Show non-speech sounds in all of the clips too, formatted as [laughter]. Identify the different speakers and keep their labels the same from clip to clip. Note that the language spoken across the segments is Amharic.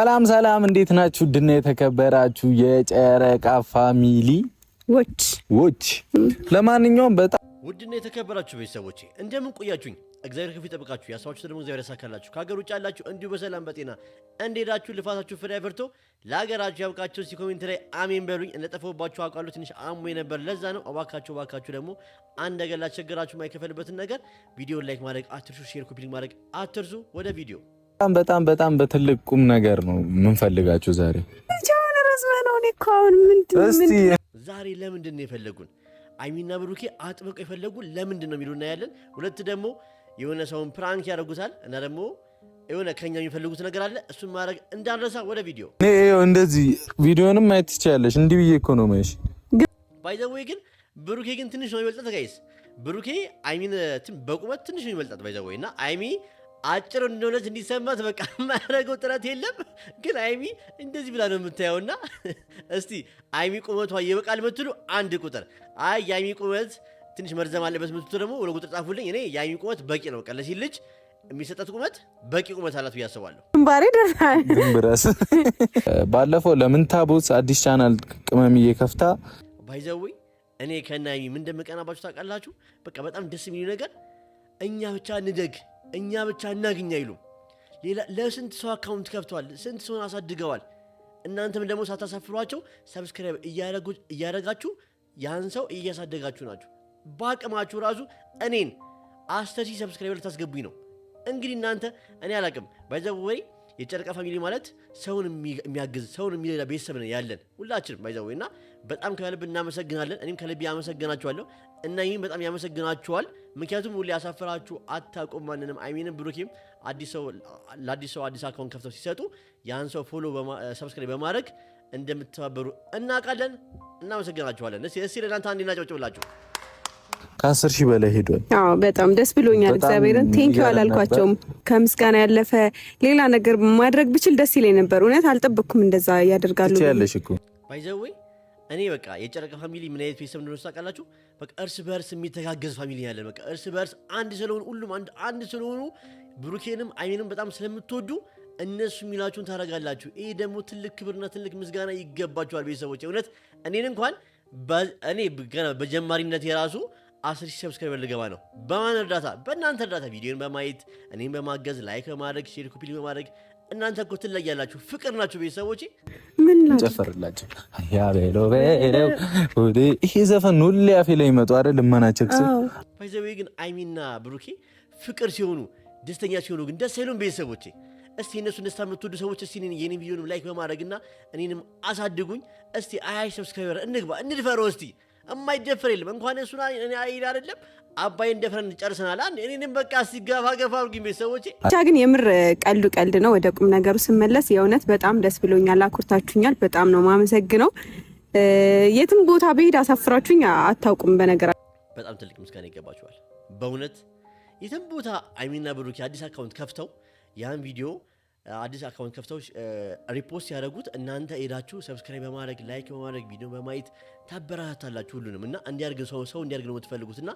Speaker 1: ሰላም ሰላም፣ እንዴት ናችሁ? ድና የተከበራችሁ የጨረቃ ፋሚሊ ዎች ዎች፣ ለማንኛውም በጣም ውድና የተከበራችሁ ቤተሰቦቼ እንደምን ቆያችሁኝ? እግዚአብሔር ከፊት ጠብቃችሁ ያሰባችሁ ደግሞ እግዚአብሔር ያሳካላችሁ። ከሀገር ውጭ ያላችሁ እንዲሁ በሰላም በጤና እንደሄዳችሁ ልፋታችሁ ፍሬ አፍርቶ ለሀገራችሁ ያብቃችሁ። እዚህ ላይ አሜን በሉኝ። እንደጠፈውባችሁ አውቃለሁ። ትንሽ አሞኝ ነበር፣ ለዛ ነው። እባካችሁ እባካችሁ ደግሞ አንድ ነገር ላስቸገራችሁ፣ የማይከፈልበትን ነገር ቪዲዮን ላይክ ማድረግ አትርሱ። ሼር ኮፒ ማድረግ አትርሱ። ወደ ቪዲዮ በጣም በጣም በጣም በትልቅ ቁም ነገር ነው የምንፈልጋችሁ ዛሬ ዛሬ ለምንድን ነው የፈለጉን? አይሚና ብሩኬ አጥብቀው የፈለጉን ለምንድን ነው የሚሉ እናያለን። ሁለት ደግሞ የሆነ ሰውን ፕራንክ ያደርጉታል እና ደግሞ የሆነ ከኛ የሚፈልጉት ነገር አለ። እሱን ማድረግ እንዳንረሳ ወደ ቪዲዮ እንደዚህ ቪዲዮንም ማየት ትችላለች። እንዲህ ብዬ እኮ ነው መሽ ባይዘዌ ግን ብሩኬ ግን ትንሽ ነው የሚበልጣት ጋይስ። ብሩኬ አይሚን በቁመት ትንሽ ነው የሚበልጣት ባይዘዌ እና አይሚ አጭር እንደሆነች እንዲሰማት በቃ [laughs] የማያደርገው ጥረት የለም። ግን አይሚ እንደዚህ ብላ ነው የምታየውና [laughs] እስቲ አይሚ ቁመቷ ይበቃል ምትሉ አንድ ቁጥር፣ አይ የአይሚ ቁመት ትንሽ መርዘም አለበት ምትሉ ደግሞ ወደ ቁጥር ጻፉልኝ። እኔ የአይሚ ቁመት በቂ ነው። በቃ ለሴት ልጅ የሚሰጠት ቁመት በቂ ቁመት አላት ብዬ አስባለሁ።
Speaker 2: ግንባሬ ደርሳል። [laughs]
Speaker 1: ባለፈው ለምን ታቦት አዲስ ቻናል ቅመም እየከፍታ ባይዘዌ እኔ ከነ አይሚ ምን እንደምቀናባችሁ ታውቃላችሁ? በቃ በጣም ደስ የሚሉ ነገር እኛ ብቻ እንደግ እኛ ብቻ እናግኝ አይሉም። ለስንት ሰው አካውንት ከፍተዋል፣ ስንት ሰውን አሳድገዋል። እናንተም ደግሞ ሳታሳፍሯቸው ሰብስክራይብ እያደረጋችሁ ያን ሰው እያሳደጋችሁ ናችሁ። በአቅማችሁ ራሱ እኔን አስተሲ ሰብስክራይብ ልታስገቡኝ ነው። እንግዲህ እናንተ እኔ አላቅም ባይዘወይ የጨረቃ ፋሚሊ ማለት ሰውን የሚያግዝ ሰውን የሚረዳ ቤተሰብ ነው ያለን ሁላችንም ባይዘወይ እና በጣም ከልብ እናመሰግናለን። እኔም ከልብ ያመሰግናችኋለሁ እና ይህም በጣም ያመሰግናችኋል። ምክንያቱም ሁሌ ያሳፈራችሁ አታውቁም ማንንም አይሚንም ብሩኪም ለአዲስ ሰው አዲስ አካውንት ከፍተው ሲሰጡ ያን ሰው ፎሎ ሰብስክራይብ በማድረግ እንደምትተባበሩ እናውቃለን። እናመሰግናችኋለን። እስኪ ለእናንተ አንዴ እናጨብጭብላችሁ። ከአስር ሺህ በላይ ሄዷል። አዎ በጣም ደስ
Speaker 2: ብሎኛል። እግዚአብሔርን ቴንኪ አላልኳቸውም። ከምስጋና ያለፈ ሌላ ነገር ማድረግ ብችል ደስ ይለኝ ነበር። እውነት አልጠበቅኩም እንደዛ ያደርጋሉ ያለሽ እኮ
Speaker 1: ባይዘዌ እኔ በቃ የጨረቃ ፋሚሊ ምን አይነት ቤተሰብ እንደሆነ ታውቃላችሁ? በቃ እርስ በእርስ የሚተጋገዝ ፋሚሊ ያለ በቃ እርስ በእርስ አንድ ስለሆኑ ሁሉም አንድ ስለሆኑ ብሩኬንም አይሜንም በጣም ስለምትወዱ እነሱ የሚላችሁን ታደርጋላችሁ። ይህ ደግሞ ትልቅ ክብርና ትልቅ ምስጋና ይገባችኋል ቤተሰቦች። እውነት እኔን እንኳን እኔ ገና በጀማሪነት የራሱ አስር ሺህ ሰብስክራይበር ልገባ ነው። በማን እርዳታ? በእናንተ እርዳታ። ቪዲዮን በማየት እኔም በማገዝ ላይክ በማድረግ ሼር፣ ኮፒ በማድረግ እናንተ እኮ ትለያላችሁ። ፍቅር ናችሁ
Speaker 2: ቤተሰቦች። ምን ጨፈርላቸው
Speaker 1: ይሄ ዘፈን ሁሌ አፌ ላይ ይመጡ አደ ልመናቸው ክስ ይዘዌ ግን አይሚና ብሩኬ ፍቅር ሲሆኑ ደስተኛ ሲሆኑ ግን ደስ አይሉም ቤተሰቦቼ። እስቲ እነሱ ደስታ የምትወዱ ሰዎች እስቲ የኔ ቪዲዮንም ላይክ በማድረግና እኔንም አሳድጉኝ። እስቲ አያይ ሰብስክራይበር እንግባ እንድፈረው እስቲ የማይደፈር የለም። እንኳን እሱን እኔ አይል አይደለም አባይን ደፍረን ጨርሰናል። እኔንም በቃ ሲገፋ ገፋ አድርጉኝ ቤተሰቦቼ።
Speaker 2: ብቻ ግን የምር ቀልዱ ቀልድ ነው። ወደ ቁም ነገሩ ስመለስ የእውነት በጣም ደስ ብሎኛል፣ አኩርታችሁኛል። በጣም ነው ማመሰግነው። የትም ቦታ ብሄድ አሳፍራችሁኝ አታውቁም። በነገር
Speaker 1: በጣም ትልቅ ምስጋና ይገባችኋል በእውነት የትም ቦታ አይሚና ብሩኬ አዲስ አካውንት ከፍተው ያን ቪዲዮ አዲስ አካውንት ከፍተው ሪፖስት ያደረጉት እናንተ ሄዳችሁ ሰብስክራይብ በማድረግ ላይክ በማድረግ ቪዲዮ በማየት ታበረታታላችሁ ሁሉንም እና እንዲያርግ ሰው ሰው እንዲያርግ ነው የምትፈልጉት እና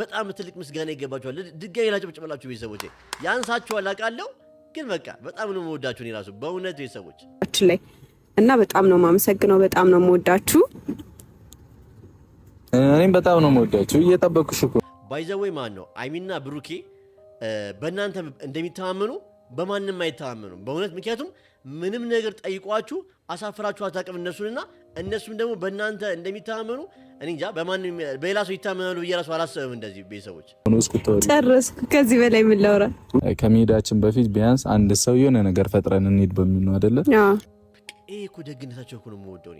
Speaker 1: በጣም ትልቅ ምስጋና ይገባችኋል። ድጋሚ ላጨብጭብላችሁ ቤተሰቦች ያንሳችኋል አውቃለሁ፣ ግን በቃ በጣም ነው መወዳችሁ የራሱ በእውነት ቤተሰቦች
Speaker 2: ላይ እና በጣም ነው ማመሰግነው፣ በጣም ነው መወዳችሁ።
Speaker 1: እኔም በጣም ነው መወዳችሁ። እየጠበኩሽ እኮ ባይዘወይ ማን ነው አይሚና ብሩኬ በእናንተ እንደሚተማመኑ በማንም አይተማመኑም በእውነት ምክንያቱም ምንም ነገር ጠይቋችሁ አሳፍራችሁ አታቅም እነሱንና እነሱም ደግሞ በእናንተ እንደሚተማመኑ እኔ እንጃ በሌላ ሰው ይታመናሉ ብዬ ራሱ አላሰብም። እንደዚህ ቤተሰቦች
Speaker 2: ጨረስኩ። ከዚህ በላይ ምን ላውራ?
Speaker 1: ከመሄዳችን በፊት ቢያንስ አንድ ሰው የሆነ ነገር ፈጥረን እንሂድ በሚል ነው አይደለ? ይሄ እኮ ደግነታቸው እኮ ነው የምወደው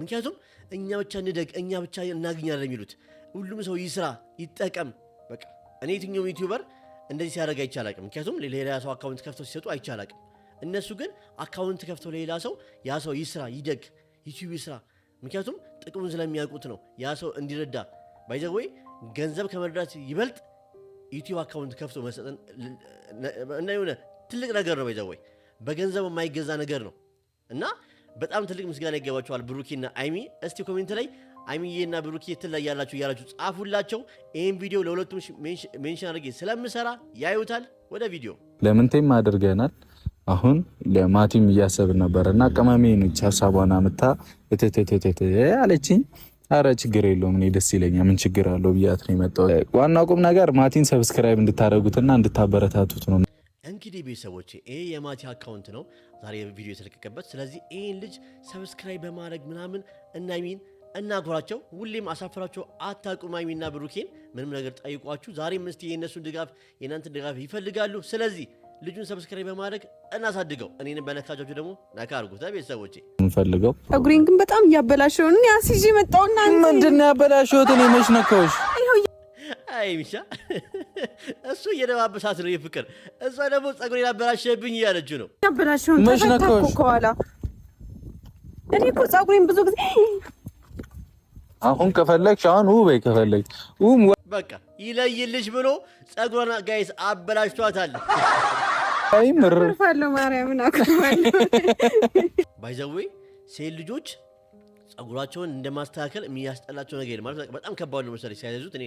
Speaker 1: ምክንያቱም እኛ ብቻ እንደግ እኛ ብቻ እናገኛለን የሚሉት ሁሉም ሰው ይስራ ይጠቀም። በቃ እኔ የትኛውም ዩቲዩበር እንደዚህ ሲያደርግ አይቻላቅም። ምክንያቱም ሌላ ሰው አካውንት ከፍተው ሲሰጡ አይቻላቅም። እነሱ ግን አካውንት ከፍተው ለሌላ ሰው ያ ሰው ይስራ፣ ይደግ፣ ዩቲዩብ ይስራ። ምክንያቱም ጥቅሙን ስለሚያውቁት ነው ያ ሰው እንዲረዳ። ወይ ገንዘብ ከመርዳት ይበልጥ ዩቲዩብ አካውንት ከፍቶ መስጠትን እና የሆነ ትልቅ ነገር ነው። ባይዘወይ በገንዘብ የማይገዛ ነገር ነው እና በጣም ትልቅ ምስጋና ይገባቸዋል ብሩኪና አይሚ። እስቲ ኮሜንት ላይ ሀይሚዬና ብሩኬ ያላችሁ እያላችሁ ጻፉላቸው። ይህን ቪዲዮ ለሁለቱም ሜንሽን አድርጌ ስለምሰራ ያዩታል። ወደ ቪዲዮ ለምንቴም አድርገናል። አሁን ለማቲም እያሰብ ነበር እና ቅመሜ ነች ሀሳቧን አምታ እትትትት አለችኝ። አረ ችግር የለውም እኔ ደስ ይለኛ ምን ችግር አለው ብያት ነው የመጣው። ዋና ቁም ነገር ማቲን ሰብስክራይብ እንድታደረጉትና እንድታበረታቱት ነው። እንግዲህ ቤተሰቦች ይህ የማቲ አካውንት ነው ዛሬ ቪዲዮ የተለቀቀበት። ስለዚህ ይህን ልጅ ሰብስክራይብ በማድረግ ምናምን እና ሚን እናግሯቸው። ሁሌም አሳፍራቸው አታውቁም። ሀይሚና ብሩኬን ምንም ነገር ጠይቋችሁ ዛሬም እስቲ የእነሱን ድጋፍ የእናንተን ድጋፍ ይፈልጋሉ። ስለዚህ ልጁን ሰብስክራይብ በማድረግ እናሳድገው። እኔንም በነካጃችሁ ደግሞ ነካ አድርጉት። ቤተሰቦቼ
Speaker 2: እንፈልገው እግሬን ግን በጣም እያበላሸው እኔ አስይዤ መጣውና ምንድን ያበላሸሁት እኔ መች ነካዎች?
Speaker 1: አይ ሚሻ እሱ እየደባበሳት ነው የፍቅር እሷ ደግሞ ጸጉሬን አበላሸብኝ እያለች
Speaker 2: ነው። ያበላሸውን ተፈታኩ ከኋላ እኔ እኮ ጸጉሬን ብዙ ጊዜ
Speaker 1: አሁን ከፈለግሽ አሁን ውበይ ከፈለግሽ በቃ ይለይልሽ ብሎ ጸጉሯን ጋይስ አበላሽቷታል።
Speaker 2: ይምርፋለሁ ማርያምን አክርፋለሁ።
Speaker 1: ባይዘዌ ሴት ልጆች ጸጉራቸውን እንደማስተካከል የሚያስጠላቸው ነገር ማለት በጣም ከባድ ነው መሰለኝ ሲያዘዙት። እኔ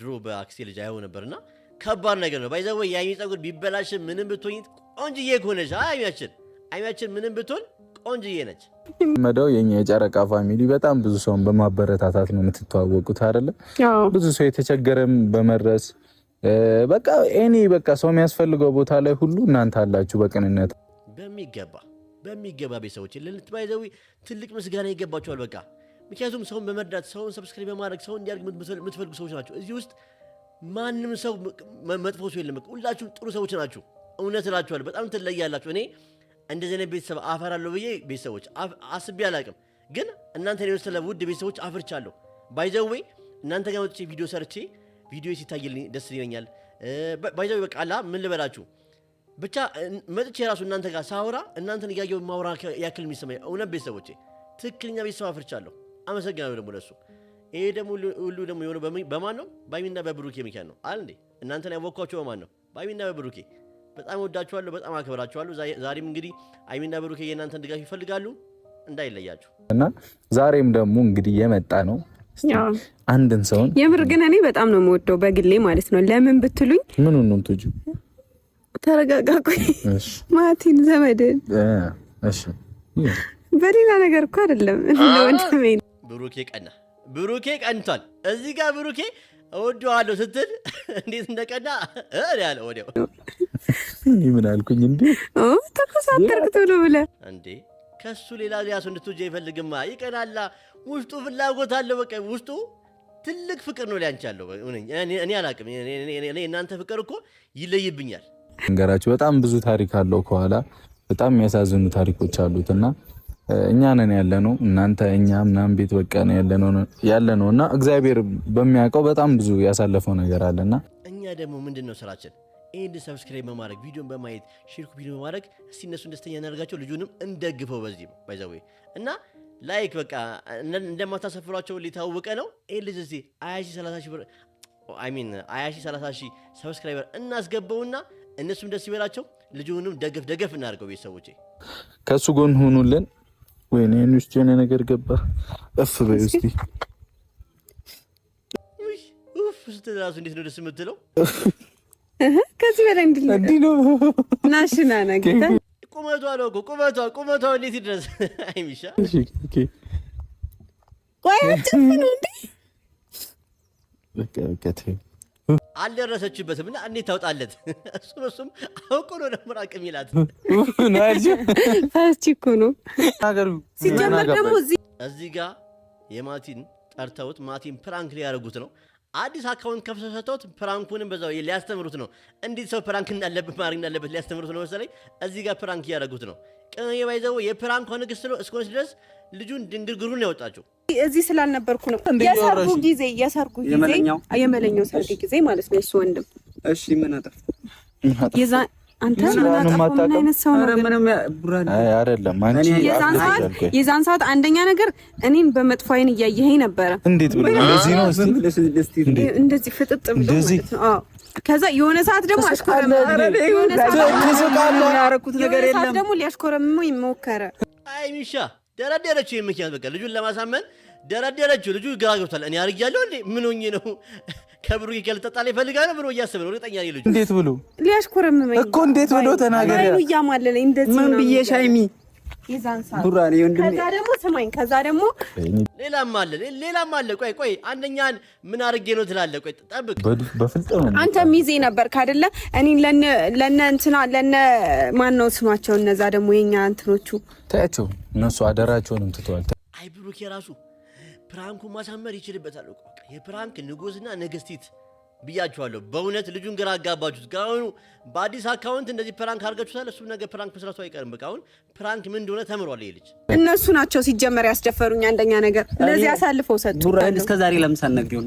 Speaker 1: ድሮ በአክስቴ ልጅ አየው ነበር እና ከባድ ነገር ነው። ባይዘዌ የአይሚ ጸጉር ቢበላሽ ምንም ብትሆኝ ቆንጅዬ ከሆነች አይሚያችን አይሚያችን ምንም ብትሆን ቆንጅዬ ነች። መደው የኛ የጨረቃ ፋሚሊ በጣም ብዙ ሰውን በማበረታታት ነው የምትተዋወቁት አይደለ? ብዙ ሰው የተቸገረም በመድረስ በቃ እኔ በቃ ሰው የሚያስፈልገው ቦታ ላይ ሁሉ እናንተ አላችሁ። በቅንነት በሚገባ በሚገባ ቤተሰቦች ለልትባይዘዊ ትልቅ ምስጋና ይገባችኋል። በቃ ምክንያቱም ሰውን በመርዳት ሰውን ሰብስክሪብ በማድረግ ሰውን እንዲያድግ የምትፈልጉ ሰዎች ናቸው። እዚህ ውስጥ ማንም ሰው መጥፎ ሰው የለም። ሁላችሁም ጥሩ ሰዎች ናችሁ። እውነት እላችኋለሁ በጣም ትለያላችሁ። እኔ እንደዚህ አይነት ቤተሰብ አፈራለሁ ብዬ ቤተሰቦች አስቤ አላቅም፣ ግን እናንተ የመሰለ ውድ ቤተሰቦች አፍርቻለሁ። ባይዘዌ እናንተ ጋር መጥቼ ቪዲዮ ሰርቼ ቪዲዮ ሲታይልኝ ደስ ይለኛል። ባይዘዌ በቃ አላ ምን ልበላችሁ ብቻ መጥቼ የራሱ እናንተ ጋር ሳውራ እናንተን እያየው ማውራ ያክል የሚሰማኝ እውነት ቤተሰቦች ትክክለኛ ቤተሰብ አፍርቻለሁ። አመሰግናለሁ ደግሞ ለሱ። ይሄ ደግሞ ሁሉ ደግሞ የሆነው በማን ነው? በሀይሚና በብሩኬ ምክንያት ነው አይደል እናንተን ያወቅኳቸው በማን ነው? በሀይሚና በብሩኬ በጣም ወዳችኋለሁ፣ በጣም አከብራችኋለሁ። ዛሬም እንግዲህ አይሚና ብሩኬ የእናንተን ድጋፍ ይፈልጋሉ እንዳይለያችሁ እና ዛሬም ደግሞ እንግዲህ የመጣ ነው አንድን ሰውን
Speaker 2: የምር ግን እኔ በጣም ነው የምወደው በግሌ ማለት ነው። ለምን ብትሉኝ ምን ነው ትጁ ተረጋጋኩ ማቲን ዘመድን በሌላ ነገር እኮ አይደለም። ወንድሜ
Speaker 1: ብሩኬ ቀና ብሩኬ ቀንቷል። እዚህ ጋር ብሩኬ እወደዋለሁ ስትል እንዴት እንደቀና ያለ ወዲያው
Speaker 2: እኔ ምን አልኩኝ እንዴ? ተኮሳተርክ ቶሎ ብለ እንዴ?
Speaker 1: ከሱ ሌላ ሊያሱ እንድትወጂ አይፈልግማ። ይቀናላ። ውስጡ ፍላጎት አለው። በቃ ውስጡ ትልቅ ፍቅር ነው ሊያንቺ አለው። እኔ አላቅም። እናንተ ፍቅር እኮ ይለይብኛል። ነገራችሁ በጣም ብዙ ታሪክ አለው ከኋላ በጣም የሚያሳዝኑ ታሪኮች አሉት እና እኛ ነን ያለነው፣ እናንተ እኛ ምናምን ቤት በቃ ነው ያለ ነው እና እግዚአብሔር በሚያውቀው በጣም ብዙ ያሳለፈው ነገር አለና እኛ ደግሞ ምንድን ነው ስራችን ኤንድ ሰብስክራይብ በማድረግ ቪዲዮን በማየት ሼር ኮፒን በማድረግ እስቲ እነሱን ደስተኛ እናደርጋቸው፣ ልጁንም እንደግፈው። በዚህ ባይዘዌ እና ላይክ በቃ እንደማታሰፍሯቸው ሊታወቀ ነው። ይህ ልጅ እዚህ ሀያ ሰላሳ ሺህ ብር አይ ሚን ሀያ ሺህ ሰላሳ ሺህ ሰብስክራይበር እናስገባውና እነሱም ደስ ይበላቸው። ልጁንም ደገፍ ደገፍ እናደርገው። ቤተሰቦች ከእሱ ጎን ሆኑልን። ወይኔ ውስጥ የሆነ ነገር ገባ። እፍ በይ ውስጥ ስትል እራሱ እንዴት ነው ደስ የምትለው?
Speaker 2: ከዚህ በላይ እንዲህ ነው ናሽና ነገ
Speaker 1: ቁመቷ ነው እኮ ቁመቷ ቁመቷ እንዴት ይድረስ? [laughs] አይሚሻ አልደረሰችበትም እና እንዴት ታውጣለት? [laughs] እሱም እሱም አውቆ ነው ደግሞ ራቅ የሚላት
Speaker 2: ፋስቺ እኮ ነው
Speaker 1: ሲጀመር ደግሞ እዚህ ጋር የማቲን ጠርተውት ማቲን ፕራንክ ሊያደርጉት ነው አዲስ አካውንት ከፍሰሰቶት ፕራንኩንም በዛው ሊያስተምሩት ነው። እንዴት ሰው ፕራንክ እንዳለበት ማድረግ እንዳለበት ሊያስተምሩት ነው መሰለኝ። እዚህ ጋር ፕራንክ እያደረጉት ነው። ቅመሜ ባይዘው የፕራንክ ንግስት ነው። እስኮንስ ድረስ ልጁን ድንግርግሩን ያወጣችሁ እዚህ ስላልነበርኩ
Speaker 2: ነው። የሰርጉ ጊዜ የሰርጉ ጊዜ የመለኛው ሰርግ ጊዜ ማለት
Speaker 1: ነው። እሱ ወንድም እሺ ምን አጠፍ
Speaker 2: አንተ ምን አይነት ሰው ነው? የዛን ሰዓት አንደኛ ነገር እኔን በመጥፎ አይን እያየኸኝ ነበረ። እንዴት
Speaker 1: እንደዚህ ነው? እንደዚህ
Speaker 2: ፍጥጥ ብሎ ከዛ የሆነ ሰዓት ደግሞ ደግሞ ሊያሽኮረምሞ ይሞከረ።
Speaker 1: አይ ሚሻ ደረደረችው። የምክንያት በቃ ልጁን ለማሳመን ደረደረችው። ልጁ ይገራ ገብቷል። እኔ አርጊያለሁ እንዴ? ምን ሆኜ ነው ከብሩ ይገልጠጣል ነው ብሎ እያስብ ነው። እርግጠኛ ነኝ ልጁ እንዴት ብሎ
Speaker 2: ሊያሽኮረምመኝ እኮ እንዴት ብሎ ተናገረ። እያማለለኝ እንደዚህ ምን ብዬ ሻይሚ ከዛ ደግሞ
Speaker 1: ሌላም አለ ሌላም አለ። ቆይ ቆይ አንደኛን ምን አድርጌ ነው ትላለህ? ቆይ
Speaker 2: ጠብቅ። አንተ ሚዜ ነበርክ አይደለ? እኔ ለነ ለነ እንትና ለነ ማን ነው ስማቸው? እነዛ ደግሞ የኛ እንትኖቹ
Speaker 1: ታያቸው። እነሱ አደራቸውንም ትተዋል። አይ ብሩክ የራሱ ፕራንኩ ማሳመር ይችልበታል እኮ የፕራንክ ንጉሥና ንግሥቲት ብያችኋለሁ። በእውነት ልጁን ግራ አጋባችሁት። ከአሁኑ በአዲስ አካውንት እንደዚህ ፕራንክ አድርጋችሁታል። እሱም ነገር ፕራንክ መስራቱ አይቀርም። በቃ አሁን ፕራንክ ምን እንደሆነ ተምሯል። ይሄ ልጅ እነሱ
Speaker 2: ናቸው ሲጀመር ያስደፈሩኝ። አንደኛ ነገር እነዚህ አሳልፈው ሰጡ። እስከ ዛሬ ለምን ሳትነግሪው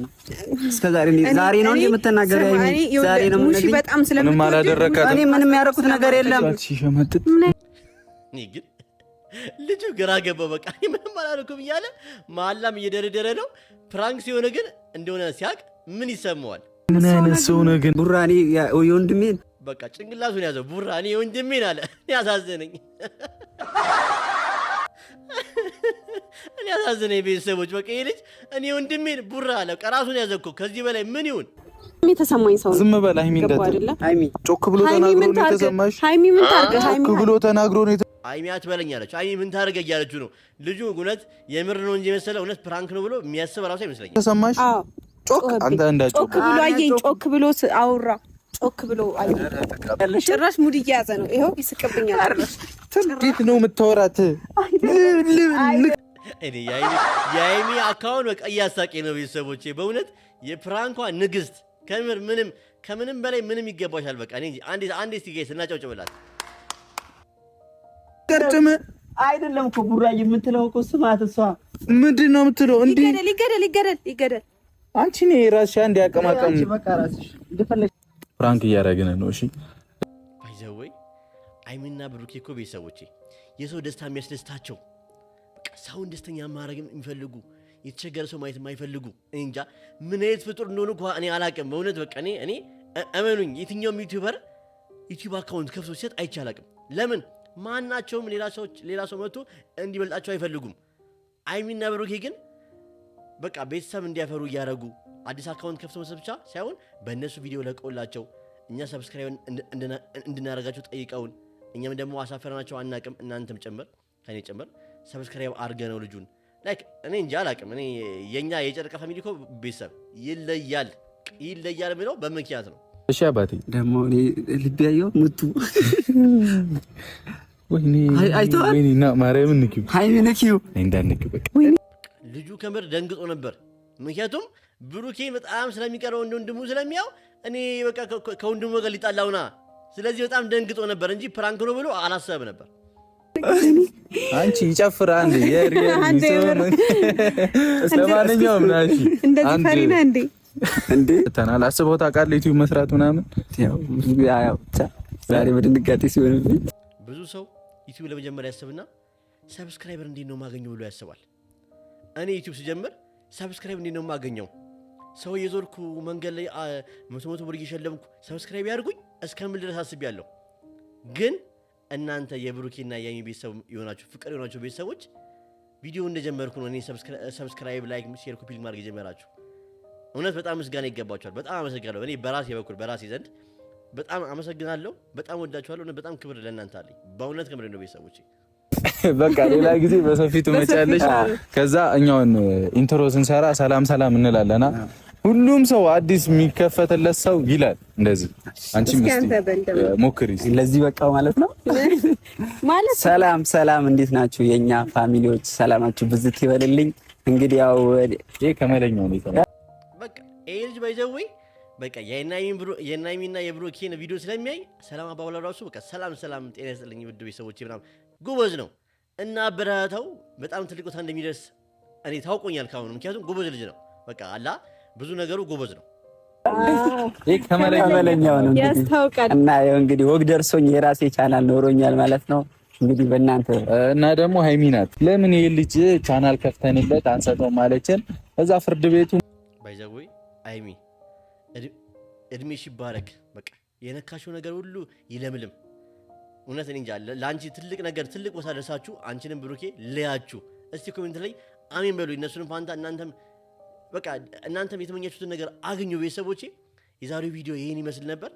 Speaker 2: እስከ ዛሬ ዛሬ ነው የምትናገር? ዛሬ ነው በጣም ስለምንም አላደረካትም። ምንም ያደረኩት ነገር የለም
Speaker 1: ግን ልጁ ግራ ገባ። በቃ ምንም አላልኩም እያለ ማላም እየደረደረ ነው። ፕራንክ ሲሆነ ግን እንደሆነ ሲያቅ ምን ይሰማዋል? ምን አይነት
Speaker 2: ሰው ነው ግን? ቡራኔ የወንድሜን
Speaker 1: በቃ ጭንቅላቱን ያዘው። ቡራኔ የወንድሜን አለ። ያሳዘነኝ እኔ ያሳዘነኝ ቤተሰቦች በቃ ይህ ልጅ እኔ ወንድሜን ቡራ አለ። ቀራሱን ያዘኮ ከዚህ በላይ ምን ይሁን?
Speaker 2: የተሰማኝ ሰው ዝም በል ሃይሚ፣ ጮክ ብሎ ተናግሮ ነው የተሰማሽ። ሃይሚ ምን ታርገ? ጮክ ብሎ
Speaker 1: ተናግሮ ነው አይሚ አትበለኝ አለች። አይሚ ምን ታደርገኝ ያለችው ነው። ልጁ እውነት የምር ነው እንጂ መሰለ እውነት ፕራንክ ነው ብሎ
Speaker 2: የሚያስብ ራሱ አይመስለኝ። ተሰማሽ? ጮክ አንተ እንደ ጮክ ብሎ አየኝ፣ ጮክ ብሎ አውራ፣ ጮክ ብሎ አየኝ። ጭራሽ ሙድ እየያዘ ነው። ይኸው ይስቅብኛል። ትንቢት
Speaker 1: ነው የምታወራት። የአይሚ አካውን በቃ እያሳቄ ነው። ቤተሰቦቼ በእውነት የፕራንኳ ንግስት ከምር ምንም ከምንም በላይ ምንም ይገባሻል። በቃ አንዴ አንዴ ስቲጋ ስናጫውጭ ብላት
Speaker 2: አታስቀርጭም። አይደለም እኮ ቡራዬ የምትለው እኮ ስማት። እሷ ምንድን ነው የምትለው? እንዲህ ይገደል ይገደል ይገደል። አንቺ ኔ ራስሽ አንድ ያቀማቀም
Speaker 1: ፍራንክ እያደረግን ነው። እሺ አይዘወይ አይሚና ብሩኬ እኮ ቤተሰቦቼ የሰው ደስታ የሚያስደስታቸው ሰውን ደስተኛ ማድረግም የሚፈልጉ የተቸገረ ሰው ማየት የማይፈልጉ እንጃ ምን አይነት ፍጡር እንደሆኑ እኮ እኔ አላቅም። በእውነት በቃ እኔ እኔ እመኑኝ የትኛውም ዩቲዩበር ዩቲዩብ አካውንት ከፍቶ ሲሰጥ አይቼ አላቅም። ለምን ማናቸውም ሌላ ሰዎች ሌላ ሰው መጥቶ እንዲበልጣቸው አይፈልጉም። አይሚና ብሩኬ ግን በቃ ቤተሰብ እንዲያፈሩ እያደረጉ አዲስ አካውንት ከፍቶ መሰብ ብቻ ሳይሆን በእነሱ ቪዲዮ ለቀውላቸው እኛ ሰብስክራይብ እንድናደርጋቸው ጠይቀውን እኛም ደግሞ አሳፈረናቸው አናቅም። እናንተም ጭምር ከኔ ጭምር ሰብስክራይብ አድርገ ነው ልጁን ላይክ እኔ እንጂ አላቅም። እኔ የእኛ የጨረቃ ፋሚሊ እኮ ቤተሰብ ይለያል። ይለያል የሚለው በምክንያት ነው። እሺ አባቴ
Speaker 2: ደግሞ እኔ ልቤ ያየው ምቱ
Speaker 1: ልጁ ከምር ደንግጦ ነበር። ምክንያቱም ብሩኬ በጣም ስለሚቀርበው እንደ ወንድሙ ስለሚያው እኔ በቃ ከወንድሙ ጋር ሊጣላውና ስለዚህ በጣም ደንግጦ ነበር እንጂ ፕራንክ ነው ብሎ አላሰብ ነበር። አንቺ ይጨፍር አንድ
Speaker 2: ለማንኛውም እንዴ? እንዴ
Speaker 1: ተናል አስበው ታውቃለህ? ዩቲዩብ መስራት ምናምን ዛሬ በድንጋጤ ሲሆንብኝ፣ ብዙ ሰው ዩቲዩብ ለመጀመር ያስብና ሰብስክራይበር እንዴት ነው የማገኘው ብሎ ያስባል። እኔ ዩቲዩብ ስጀምር ሰብስክራይብ እንዴት ነው የማገኘው? ሰው የዞርኩ መንገድ ላይ መቶ መቶ ብር እየሸለምኩ ሰብስክራይብ ያድርጉኝ እስከምል ድረስ አስቤያለሁ። ግን እናንተ የብሩኬና የሚ ቤተሰብ የሆናችሁ ፍቅር የሆናችሁ ቤተሰቦች ቪዲዮ እንደጀመርኩ ነው እኔ ሰብስክራይብ ላይክ ሼር ኮፒ ማድረግ የጀመራችሁ እውነት በጣም ምስጋና ይገባቸዋል። በጣም አመሰግናለሁ። እኔ በራሴ በኩል በራሴ ዘንድ በጣም አመሰግናለሁ። በጣም ወዳችኋለሁ። እውነት በጣም ክብር ለእናንተ አለኝ። በእውነት ክብር ነው ቤተሰቦቼ። በቃ ሌላ ጊዜ በሰፊቱ መጫለሽ። ከዛ እኛውን ኢንትሮ ስንሰራ ሰላም ሰላም እንላለና ሁሉም ሰው አዲስ የሚከፈትለት ሰው ይላል እንደዚህ። አንቺ ሞክሪ ለዚህ በቃ ማለት ነው [laughs] ማለት ሰላም ሰላም፣ እንዴት ናችሁ የኛ ፋሚሊዎች? ሰላማችሁ ብዝት ይበልልኝ። እንግዲህ ያው ይሄ ከመለኛው ነው ይሄ ልጅ ባይዘዌ በቃ የናይሚና የብሩኬን ቪዲዮ ስለሚያይ ሰላም አባውላ ራሱ በቃ ሰላም ሰላም፣ ጤና ይስጥልኝ ውድ ቤተሰቦቼ ምናምን ጎበዝ ነው እና አበረታታው። በጣም ትልቅ ቦታ እንደሚደርስ እኔ ታውቆኛል ካሁኑ፣ ምክንያቱም ጎበዝ ልጅ ነው። በቃ አላ ብዙ ነገሩ ጎበዝ ነው። ከመለኛው ነው ያስታውቃል። እና እንግዲህ ወግ ደርሶኝ የራሴ ቻናል ኖሮኛል ማለት ነው። እንግዲህ በእናንተ እና ደግሞ ሀይሚ ናት። ለምን ይህ ልጅ ቻናል ከፍተንለት አንሰጠው ማለችን እዛ ፍርድ ቤቱ አይሚ እድሜሽ ይባረክ። በቃ የነካሽው ነገር ሁሉ ይለምልም። እውነት እኔ እንጃ ለአንቺ ትልቅ ነገር ትልቅ ቦታ ደርሳችሁ አንቺንም ብሩኬ ለያችሁ። እስቲ ኮሜንት ላይ አሜን በሉ። እነሱንም ፋንታ እናንተም በቃ እናንተም የተመኛችሁትን ነገር አግኙ። ቤተሰቦቼ የዛሬው ቪዲዮ ይህን ይመስል ነበር።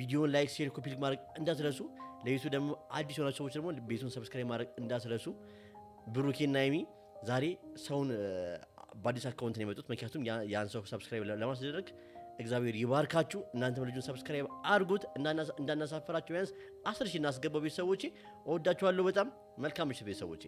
Speaker 1: ቪዲዮን ላይክ፣ ሼር፣ ኮፒ ሊንክ ማድረግ እንዳትረሱ። ለዩቱ ደግሞ አዲስ የሆናችሁ ሰዎች ደግሞ ቤቱን ሰብስክራይብ ማድረግ እንዳትረሱ። ብሩኬና አይሚ ዛሬ ሰውን በአዲስ አካውንት ነው የመጡት። ምክንያቱም ያን ሰው ሰብስክራይብ ለማስደረግ እግዚአብሔር ይባርካችሁ። እናንተም ልጁን ሰብስክራይብ አድርጉት። እንዳናሳፈራችሁ ቢያንስ አስር ሺህ እናስገባው። ቤተሰቦቼ ወዳችኋለሁ በጣም መልካም ምሽት ቤተሰቦቼ።